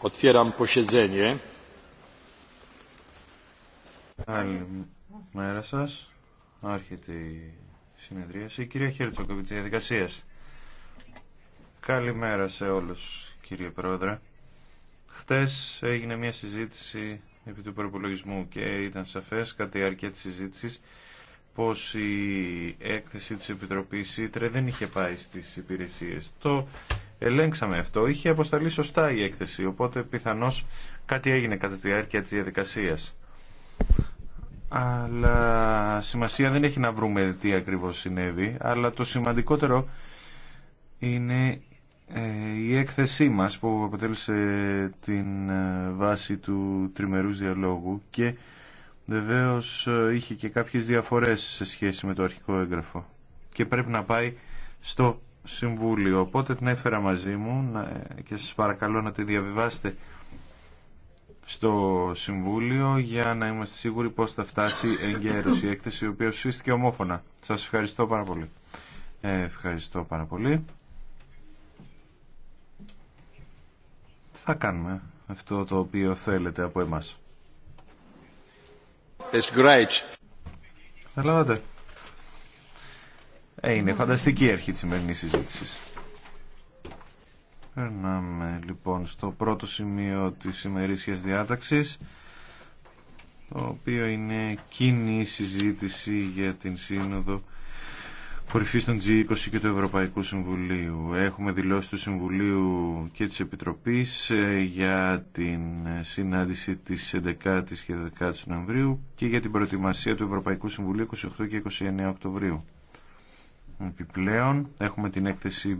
otwieram posiedzenie. Καλημέρα σα. Άρχεται η συνεδρίαση. Κυρία Χέρτσοκοβιτ, για διαδικασία. Καλημέρα σε όλου, κύριε Πρόεδρε. Χτε έγινε μια συζήτηση επί του προπολογισμού και ήταν σαφέ κατά τη διάρκεια τη συζήτηση πως η έκθεση τη Επιτροπής Ήτρε δεν είχε πάει στις υπηρεσίε. Το ελέγξαμε αυτό. Είχε αποσταλεί σωστά η έκθεση, οπότε πιθανώς κάτι έγινε κατά τη διάρκεια της διαδικασίας. Αλλά σημασία δεν έχει να βρούμε τι ακριβώς συνέβη, αλλά το σημαντικότερο είναι ε, η έκθεσή μας που αποτέλεσε την ε, βάση του τριμερούς διαλόγου και βεβαίως ε, είχε και κάποιες διαφορές σε σχέση με το αρχικό έγγραφο και πρέπει να πάει στο Συμβούλιο. Οπότε την έφερα μαζί μου και σας παρακαλώ να τη διαβιβάσετε στο Συμβούλιο για να είμαστε σίγουροι πώς θα φτάσει εγκαίρως η έκθεση η οποία ψηφίστηκε ομόφωνα. Σας ευχαριστώ πάρα πολύ. Ε, ευχαριστώ πάρα πολύ. Θα κάνουμε αυτό το οποίο θέλετε από εμάς. It's great. Ε, είναι φανταστική η αρχή της σημερινής συζήτησης. Περνάμε λοιπόν στο πρώτο σημείο της ημερήσιας διάταξης το οποίο είναι κοινή συζήτηση για την σύνοδο κορυφή των G20 και του Ευρωπαϊκού Συμβουλίου. Έχουμε δηλώσει του Συμβουλίου και της Επιτροπής ε, για την συνάντηση της 11ης και 12ης Νοεμβρίου και για την προετοιμασία του Ευρωπαϊκού Συμβουλίου 28 και 29 Οκτωβρίου. Επιπλέον έχουμε την έκθεση